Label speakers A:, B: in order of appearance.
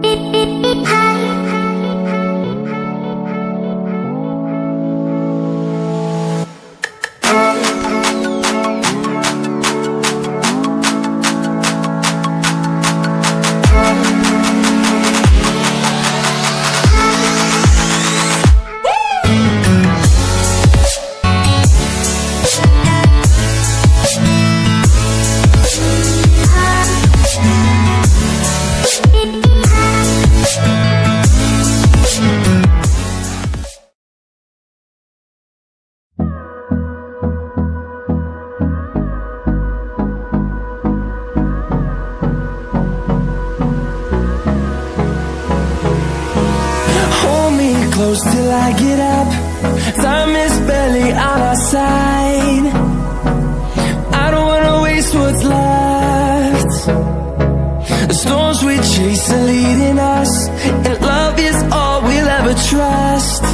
A: beep.
B: close till I get up Time is barely on our side I don't wanna waste what's left The storms we chase are leading us And love is all we'll ever trust